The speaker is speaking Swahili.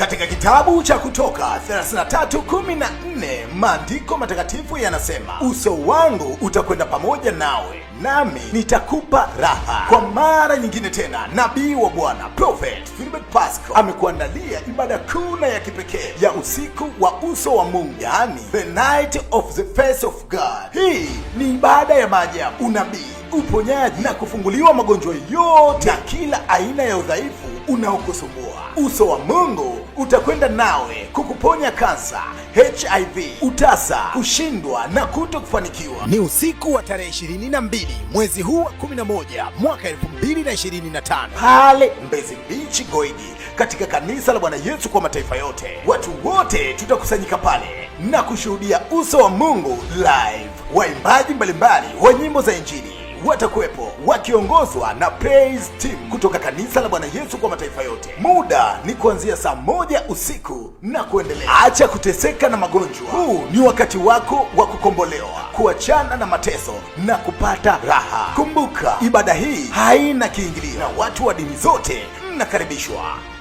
Katika kitabu cha Kutoka 33:14 maandiko matakatifu yanasema, uso wangu utakwenda pamoja nawe nami nitakupa raha. Kwa mara nyingine tena, nabii wa Bwana Prophet Philbert Pasco amekuandalia ibada kuu na ya kipekee ya usiku wa uso wa Mungu, yaani the night of the face of God. Hii ni ibada ya maajabu, unabii uponyaji na kufunguliwa magonjwa yote na kila aina ya udhaifu unaokusumbua. Uso wa Mungu utakwenda nawe kukuponya kansa, HIV, utasa, kushindwa na kuto kufanikiwa. Ni usiku wa tarehe 22 mwezi huu wa 11 mwaka 2025 pale Mbezi bichi Goigi katika kanisa la Bwana Yesu kwa mataifa yote. Watu wote tutakusanyika pale na kushuhudia uso wa Mungu live, waimbaji mbalimbali wa nyimbo za Injili watakuwepo wakiongozwa na Praise Team kutoka kanisa la Bwana Yesu kwa mataifa yote. Muda ni kuanzia saa moja usiku na kuendelea. Acha kuteseka na magonjwa, huu ni wakati wako wa kukombolewa, kuachana na mateso na kupata raha. Kumbuka, ibada hii haina kiingilio na watu wa dini zote mnakaribishwa.